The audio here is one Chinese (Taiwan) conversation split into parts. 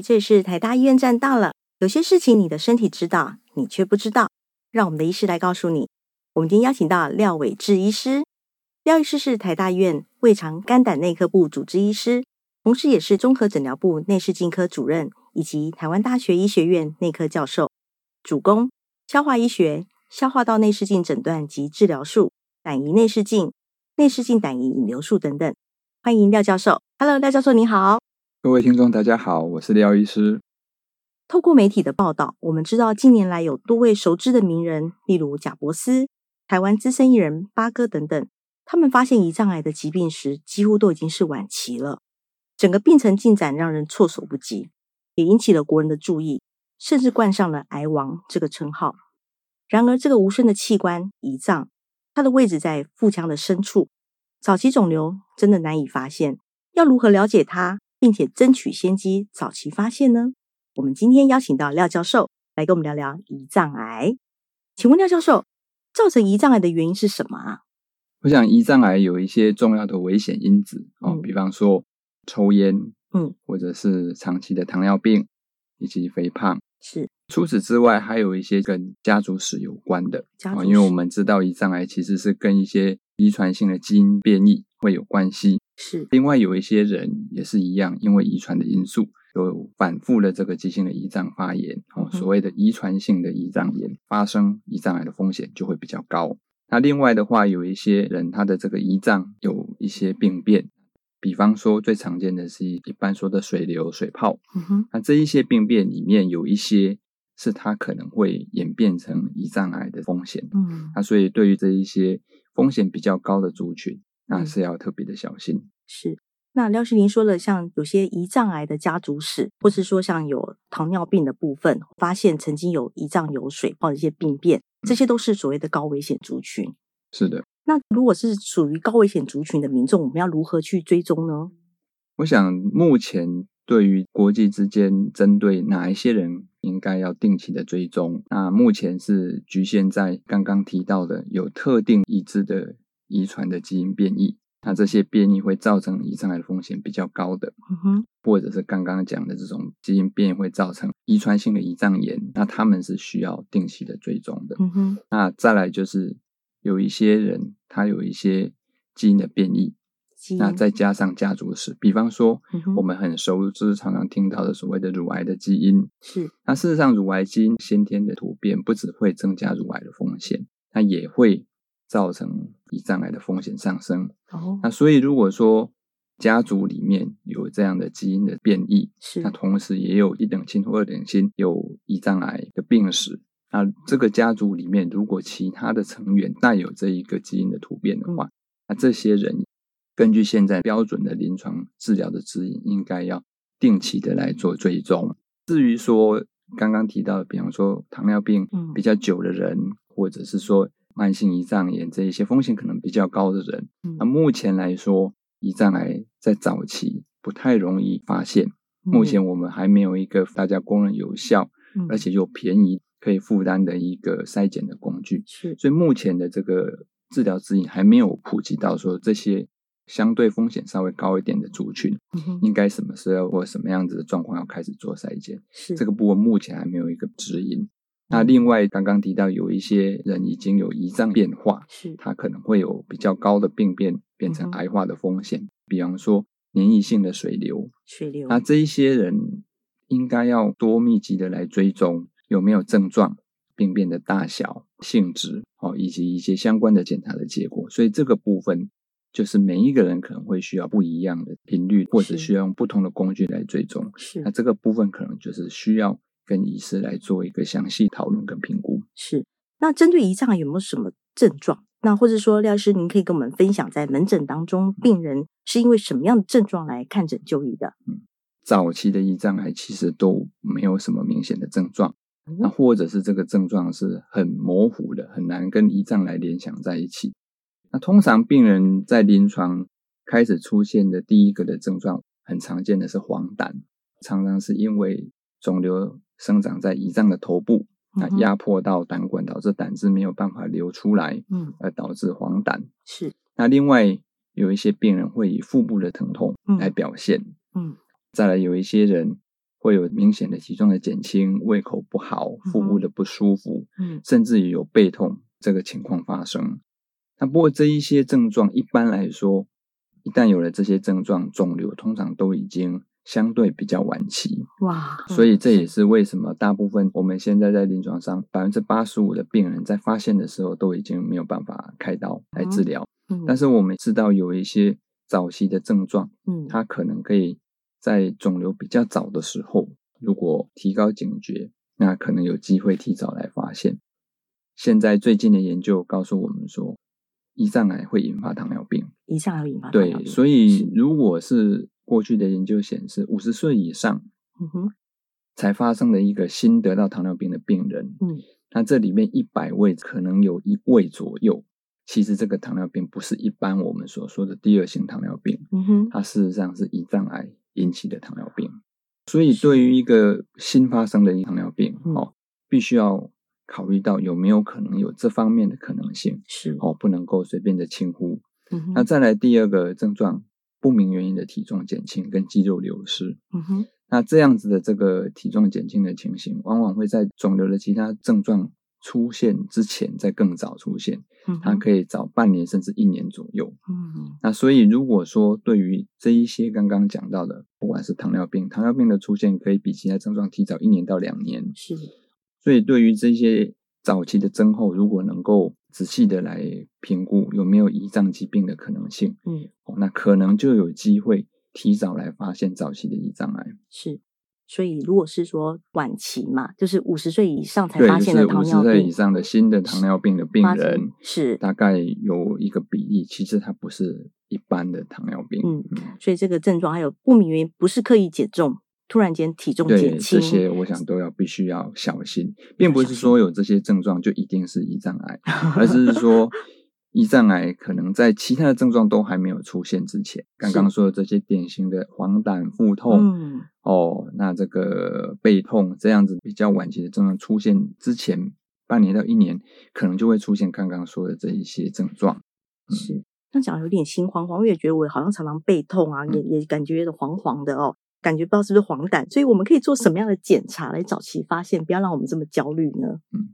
這裡是台大醫院站到了。有些事情你的身體知道，你卻不知道，讓我們的醫師來告訴你。我們今天邀請到廖偉智醫師，廖醫師是台大醫院胃腸肝膽內科部主治醫師，同時也是綜合診療部內視鏡科主任，以及台灣大學醫學院內科教授，主攻消化醫學、消化道內視鏡診斷及治療術、膽胰內視鏡、內視鏡膽胰引流術等等。歡迎廖教授。Hello，廖教授你好。各位聽眾，大家好，我是廖醫師。透過媒體的報道，我們知道近年來有多位熟知的名人，例如賈伯斯、台灣資深藝人巴戈等等，他們發現胰臟癌的疾病時，幾乎都已經是晚期了。整個病程進展讓人措手不及，也引起了國人的注意，甚至冠上了“癌王”這個稱號。然而，這個無聲的器官——胰臟，它的位置在腹腔的深處，早期腫瘤真的難以發現。要如何了解它？並且爭取先機，早期發現呢？我們今天邀請到廖教授來跟我們聊聊胰臟癌。請問廖教授，造成胰臟癌的原因是什麼啊？我想胰臟癌有一些重要的危險因子啊、嗯哦，比方說抽菸，嗯，或者是長期的糖尿病以及肥胖。是。除此之外，還有一些跟家族史有關的，家族史啊、哦，因為我們知道胰臟癌其實是跟一些遺傳性的基因變異會有關係。是，另外有一些人也是一樣，因為遺傳的因素，有反覆的這個急性的胰臟發炎，哦，所謂的遺傳性的胰臟炎，發生胰臟癌的風險就會比較高。那另外的話，有一些人他的這個胰臟有一些病變，比方說最常見的是一般說的水瘤、水泡，嗯、哼那這一些病變裡面有一些是它可能會演變成胰臟癌的風險。嗯哼，那所以對於這一些風險比較高的族群。那是要特別的小心。嗯，是，那廖旭林說了，像有些胰臟癌的家族史，或是說像有糖尿病的部分，發現曾經有胰臟有水或者一些病變，這些都是所謂的高危險族群。是的。那如果是屬於高危險族群的民眾，我們要如何去追蹤呢？我想目前對於國際之間針對哪一些人應該要定期的追蹤，那目前是局限在剛剛提到的有特定一致的遺傳的基因變異，那這些變異會造成胰臟癌的風險比較高的，嗯、哼或者是剛剛講的這種基因變異會造成遺傳性的胰臟炎，那他們是需要定期的追蹤的。嗯、哼那再來就是有一些人他有一些基因的變異，是那再加上家族史，比方說、嗯、哼我們很熟知、常常聽到的所謂的乳癌的基因是，那事實上乳癌基因先天的突變不只會增加乳癌的風險，它也會造成。胰臟癌的風險上升哦，oh. 那所以如果說家族裡面有這樣的基因的變異，是那同時也有一等親或二等親有胰臟癌的病史，那這個家族裡面如果其他的成員帶有這一個基因的突變的話，嗯、那這些人根據現在標準的臨床治療的指引，應該要定期的來做追蹤。至於說剛剛提到的，比方說糖尿病比較久的人，嗯、或者是說。慢性胰臟炎這一些風險可能比較高的人，那、嗯、目前來說，胰臟癌在早期不太容易發現。嗯、目前我們還沒有一個大家公認有效，嗯、而且又便宜可以負擔的一個篩檢的工具。是所以目前的這個治療指引還沒有普及到說這些相對風險稍微高一點的族群，嗯、哼應該什麼時候或什麼樣子的狀況要開始做篩檢？是這個部分目前還沒有一個指引。那另外，剛剛提到有一些人已經有胰臟變化，是，他可能會有比較高的病變變成癌化的風險，比方說粘液性的水流，水流，那這一些人應該要多密集的來追蹤有沒有症狀、病變的大小、性質，哦，以及一些相關的檢查的結果。所以這個部分就是每一個人可能會需要不一樣的頻率，或者需要用不同的工具來追蹤。是，那這個部分可能就是需要。跟醫師來做一個詳細討論跟評估。是，那針對胰臟癌有沒有什麼症狀？那或者說廖醫師，您可以跟我們分享，在門診當中，病人是因為什麼樣的症狀來看診就醫的？嗯、早期的胰臟癌其實都沒有什麼明顯的症狀，嗯、那或者是這個症狀是很模糊的，很難跟胰臟來聯想在一起。那通常病人在臨床開始出現的第一個的症狀，很常見的是黃疸，常常是因為腫瘤。生長在胰臟的頭部，那壓迫到膽管，導致膽汁沒有辦法流出來，嗯，而導致黃疸。是。那另外有一些病人會以腹部的疼痛來表現，嗯。嗯，再來有一些人會有明顯的體重的減輕、胃口不好、腹部的不舒服，嗯，嗯，甚至於有背痛這個情況發生。那不過這一些症狀一般來說，一旦有了這些症狀，腫瘤通常都已經相對比較晚期哇，嗯、所以這也是為什麼大部分我們現在在臨床上，百分之八十五的病人在發現的時候都已經沒有辦法開刀來治療。嗯，嗯，但是我們知道有一些早期的症狀，嗯，它可能可以在腫瘤比較早的時候，如果提高警覺，那可能有機會提早來發現。現在最近的研究告訴我們說，胰臟癌會引發糖尿病，胰臟癌會引發對，對所以如果是，過去的研究顯示，五十歲以上，才發生了一個新得到糖尿病的病人。嗯，那這裡面一百位可能有一位左右，其實這個糖尿病不是一般我們所說的第二型糖尿病，嗯哼，它事實上是胰臟癌引起的糖尿病。所以對於一個新發生的糖尿病，是哦，必須要考慮到有沒有可能有這方面的可能性，是哦，不能夠隨便的輕忽。嗯哼，那再來第二個症狀。不明原因的體重減輕跟肌肉流失，嗯哼，那這樣子的這個體重減輕的情形，往往會在腫瘤的其他症狀出現之前，再更早出現，嗯哼，它可以早半年甚至一年左右，嗯哼，那所以如果說對於這一些剛剛講到的，不管是糖尿病，糖尿病的出現可以比其他症狀提早一年到兩年，是，所以對於這些。早期的症候，如果能夠仔細的來評估有沒有胰臟疾病的可能性，嗯、哦，那可能就有機會提早來發現早期的胰臟癌。是，所以如果是說晚期嘛，就是五十歲以上才發現的糖尿病，對就是、50歲以上的新的糖尿病的病人是，是大概有一個比例，其實它不是一般的糖尿病，嗯，嗯，所以這個症狀還有不明原因，不是刻意減重。突然間體重減輕，對，這些我想都要必須要小心，小心並不是說有這些症狀就一定是胰臟癌， 而是說 胰臟癌可能在其他的症狀都還沒有出現之前，是剛剛說的這些典型的黃疸、腹痛，嗯、哦，那這個背痛這樣子比較晚期的症狀出現之前半年到一年，可能就會出現剛剛說的這一些症狀。嗯、是，那講有點心慌慌，我也覺得我好像常常背痛啊，嗯、也也感覺的黃黃的哦。感覺不知道是不是黃疸，所以我們可以做什麼樣的檢查來早期發現，不要讓我們這麼焦慮呢？嗯，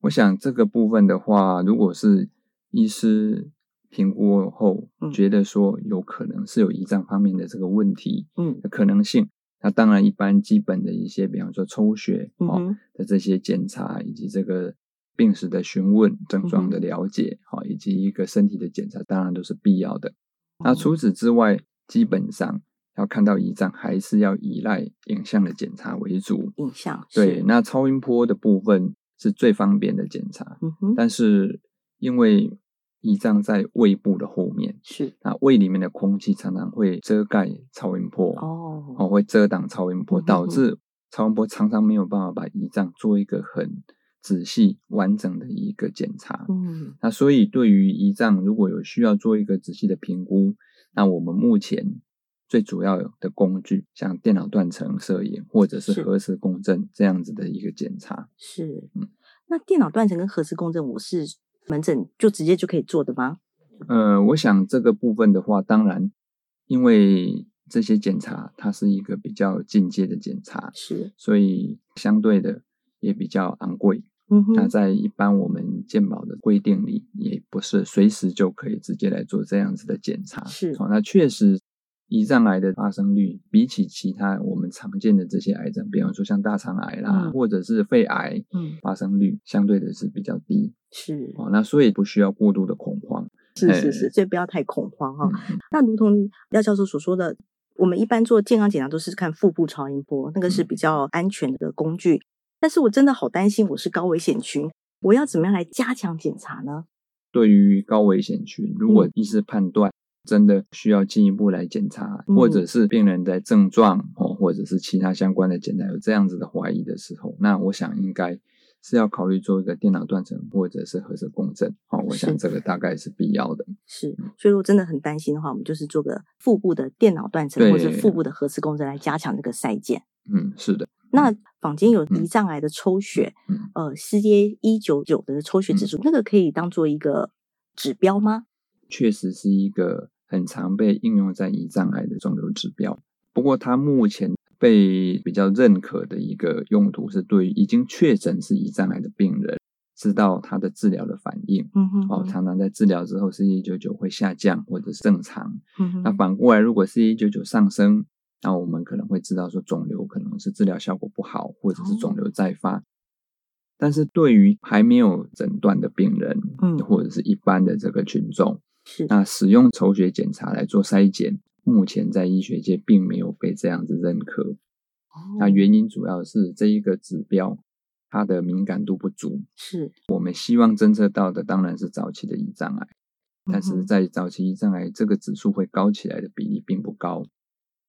我想這個部分的話，如果是醫師評估後、嗯、覺得說有可能是有胰臟方面的這個問題，嗯，的可能性，那、嗯、當然一般基本的一些，比方說抽血、嗯、哼哦的這些檢查，以及這個病史的詢問、症狀的了解，嗯、哼以及一個身體的檢查，當然都是必要的。那除此之外，嗯、基本上。要看到胰臟，還是要依賴影像的檢查為主。影像效對，是那超音波的部分是最方便的檢查。嗯哼。但是因為胰臟在胃部的後面，是那胃裡面的空氣常常會遮蓋超音波哦，哦，會遮擋超音波，嗯、哼導致超音波常常沒有辦法把胰臟做一個很仔細完整的一個檢查。嗯哼，那所以對於胰臟如果有需要做一個仔細的評估，嗯、那我們目前。最主要的工具像電腦斷層攝影或者是核磁共振這樣子的一個檢查是，嗯，那電腦斷層跟核磁共振，我是門診就直接就可以做的嗎？呃，我想這個部分的話，當然，因為這些檢查它是一個比較進階的檢查，是，所以相對的也比較昂貴。嗯哼，那在一般我們健保的規定裡，也不是隨時就可以直接來做這樣子的檢查，是。那確實。胰臟癌的發生率比起其他我們常見的這些癌症，比方說像大腸癌啦，嗯、或者是肺癌，嗯，發生率相對的是比較低，是哦，那所以不需要過度的恐慌，是是是，欸、所以不要太恐慌哈、哦。嗯、那如同廖教授所說的，我們一般做健康檢查都是看腹部超音波，那個是比較安全的工具。嗯、但是我真的好擔心，我是高危險群，我要怎麼樣來加強檢查呢？對於高危險群，如果醫師判斷。嗯真的需要進一步來檢查，或者是病人的症狀哦，或者是其他相關的檢查有這樣子的懷疑的時候，那我想應該是要考慮做一個電腦斷層或者是核磁共振哦。我想這個大概是必要的。是，是嗯、所以如果真的很擔心的話，我們就是做個腹部的電腦斷層或者是腹部的核磁共振來加強這個篩檢。嗯，是的。那坊間有胰臟癌的抽血，嗯、呃，CA19-9 的抽血指數，嗯、那個可以當做一個指標嗎？確實是一個很常被應用在胰臟癌的腫瘤指標。不過，它目前被比較認可的一個用途是，對於已經確診是胰臟癌的病人，知道他的治療的反應。嗯哼嗯。哦，常常在治療之後，CA19-9 會下降或者是正常。嗯哼。那反過來，如果 CA19-9 上升，那我們可能會知道說腫瘤可能是治療效果不好，或者是腫瘤再發。哦。但是對於還沒有診斷的病人，嗯，或者是一般的這個群眾。是，那使用抽血檢查來做篩檢，目前在醫學界並沒有被這樣子認可。哦，那原因主要是這一個指標，它的敏感度不足。是，我們希望偵測到的當然是早期的胰臟癌，嗯哼，但是在早期胰臟癌這個指數會高起來的比例並不高，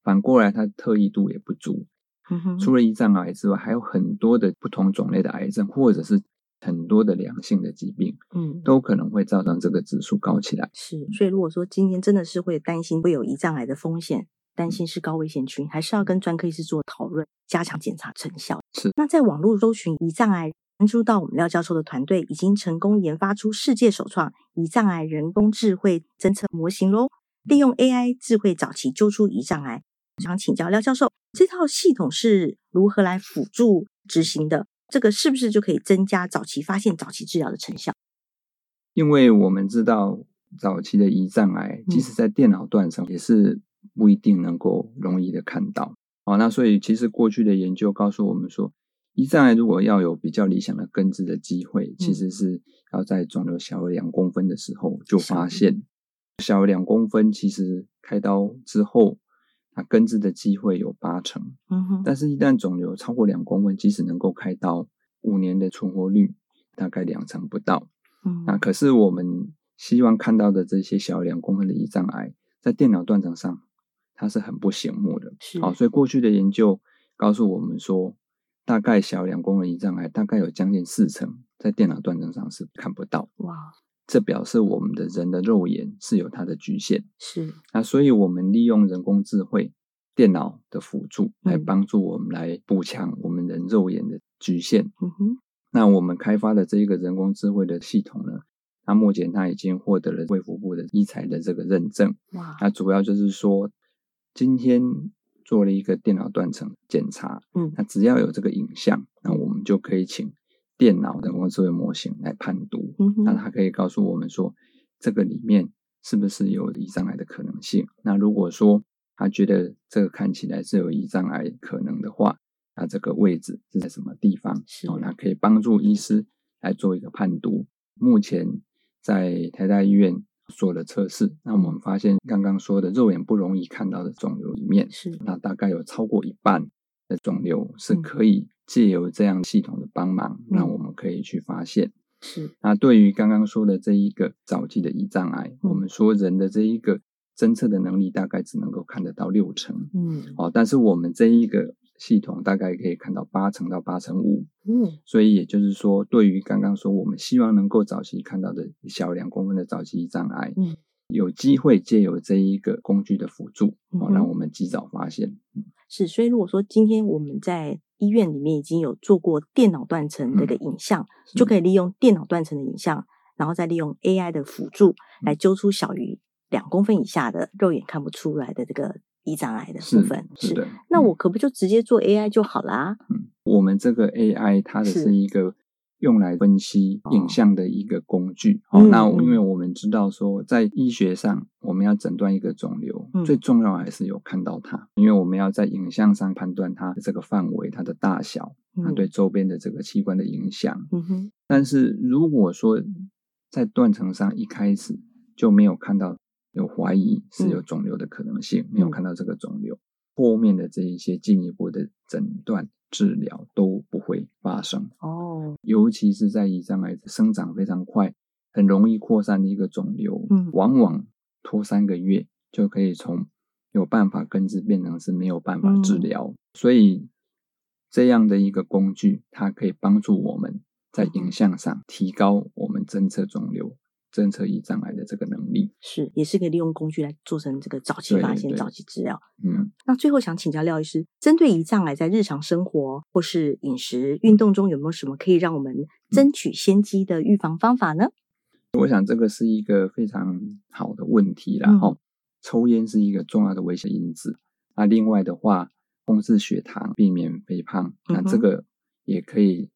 反過來它特異度也不足。嗯哼，除了胰臟癌之外，還有很多的不同種類的癌症，或者是。很多的良性的疾病，嗯，都可能會造成這個指數高起來。是，所以如果說今天真的是會擔心會有胰臟癌的風險，擔心是高危險群，還是要跟專科醫師做討論，加強檢查成效。是，那在網絡搜尋胰臟癌，關注到我們廖教授的團隊已經成功研發出世界首創胰臟癌人工智慧偵測模型嘍，利用 AI 智慧早期揪出胰臟癌。嗯，想請教廖教授，這套系統是如何來輔助執行的？這個是不是就可以增加早期發現、早期治療的成效？因為我們知道，早期的胰臟癌，即使在電腦斷層也是不一定能夠容易的看到。好、嗯哦，那所以其實過去的研究告訴我們說，胰臟癌如果要有比較理想的根治的機會，其實是要在腫瘤小於兩公分的時候就發現。的 小於兩公分，其實開刀之後。根治的機會有八成，嗯哼，但是，一旦腫瘤超過兩公分，即使能夠開刀，五年的存活率大概兩成不到。嗯哼，那可是我們希望看到的這些小兩公分的胰臟癌，在電腦斷層上它是很不醒目的，好是、啊、所以過去的研究告訴我們說，大概小兩公分胰臟癌大概有將近四成在電腦斷層上是看不到。哇。這表示我們的人的肉眼是有它的侷限，是。那所以，我們利用人工智慧、電腦的輔助、嗯、來幫助我們來補強我們人肉眼的侷限。嗯哼。那我們開發的這一個人工智慧的系統呢，那目前它已經獲得了衛福部的醫材的這個認證。哇。那主要就是說，今天做了一個電腦斷層檢查，嗯，那只要有這個影像，那我們就可以請，電腦的人工智慧模型來判讀，嗯、哼那它可以告訴我們說，這個裡面是不是有胰臟癌的可能性？那如果說他覺得這個看起來是有胰臟癌可能的話，那這個位置是在什麼地方？哦是，那可以幫助醫師來做一個判讀。目前在台大醫院做了測試，那我們發現剛剛說的肉眼不容易看到的腫瘤裡面，是那大概有超過一半的腫瘤是可以、嗯。借由這樣系統的幫忙，讓我們可以去發現。是，那對於剛剛說的這一個早期的胰臟癌，嗯、我們說人的這一個偵測的能力大概只能夠看得到六成。嗯，哦，但是我們這一個系統大概可以看到八成到八成五。嗯，所以也就是說，對於剛剛說我們希望能夠早期看到的小兩公分的早期胰臟癌，嗯、有機會借由這一個工具的輔助，嗯、哼哦，讓我們及早發現。是，所以如果說今天我們在醫院裡面已經有做過電腦斷層這個影像，嗯、就可以利用電腦斷層的影像，然後再利用 AI 的輔助來揪出小於兩公分以下的肉眼看不出來的這個胰臟癌的部分。是，是的，是,那我可不就直接做 AI 就好啦，啊？嗯，我們這個 AI 它只是一個是。用來分析影像的一個工具。哦哦、那因為我們知道說，在醫學上，我們要診斷一個腫瘤，嗯、最重要還是有看到它，因為我們要在影像上判斷它的這個範圍、它的大小、它對周邊的這個器官的影響。嗯、但是如果說在斷層上一開始就沒有看到，有懷疑是有腫瘤的可能性，嗯、沒有看到這個腫瘤。後面的這一些進一步的診斷治療都不會發生哦，oh. 尤其是在胰臟癌生長非常快，很容易擴散的一個腫瘤，嗯、往往拖三個月就可以從有辦法根治變成是沒有辦法治療，嗯、所以這樣的一個工具，它可以幫助我們在影像上提高我們偵測腫瘤。偵測胰臟癌的這個能力是，也是可以利用工具來做成這個早期發現、早期治療。嗯，那最後想請教廖醫師，針對胰臟癌在日常生活或是飲食、嗯、運動中有沒有什麼可以讓我們爭取先機的預防方法呢？我想這個是一個非常好的問題、嗯、然後抽菸是一個重要的危險因子。那、啊、另外的話，控制血糖、避免肥胖，嗯、哼那這個也可以。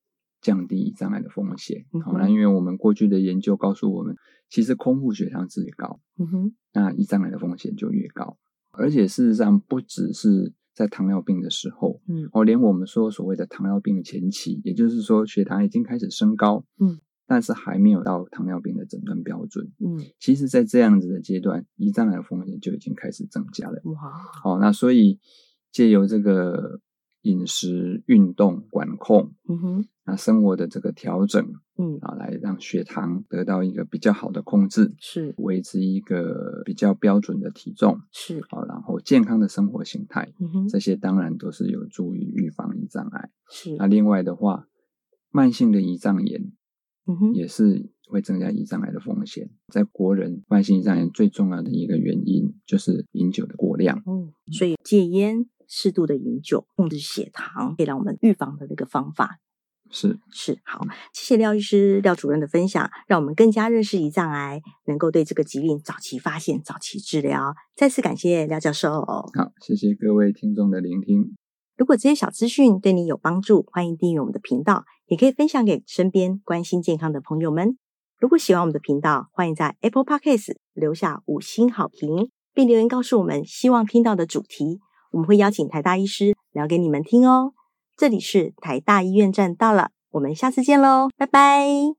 降低胰臟癌的風險，好，嗯哼，哦，那因為我們過去的研究告訴我們，其實空腹血糖值越高，嗯哼，那胰臟癌的風險就越高。而且事實上，不只是在糖尿病的時候，嗯，哦，連我們說所謂的糖尿病的前期，也就是說血糖已經開始升高，嗯，但是還沒有到糖尿病的診斷標準，嗯，其實，在這樣子的階段，胰臟癌的風險就已經開始增加了。哇，好，哦，那所以借由這個。飲食、運動、管控，嗯哼，那生活的這個調整，嗯啊，來讓血糖得到一個比較好的控制，是維持一個比較標準的體重，是啊，然後健康的生活形態，嗯哼，這些當然都是有助於預防胰臟癌。是。那另外的話，慢性的胰臟炎，嗯哼，也是會增加胰臟癌的風險。嗯哼，在國人慢性胰臟炎最重要的一個原因就是飲酒的過量，嗯。嗯哼，所以戒菸。適度的飲酒，控制血糖，可以讓我們預防的那個方法是是好。謝謝廖醫師、廖主任的分享，讓我們更加認識胰臟癌，能夠對這個疾病早期發現、早期治療。再次感謝廖教授。好，謝謝各位聽眾的聆聽。如果這些小資訊對你有幫助，歡迎訂閱我們的頻道，也可以分享給身邊關心健康的朋友們。如果喜歡我們的頻道，歡迎在 Apple Podcast 留下五星好評，並留言告訴我們希望聽到的主題。我們會邀請台大醫師聊給你們聽哦，這裡是台大醫院站到了，我們下次見嘍，拜拜。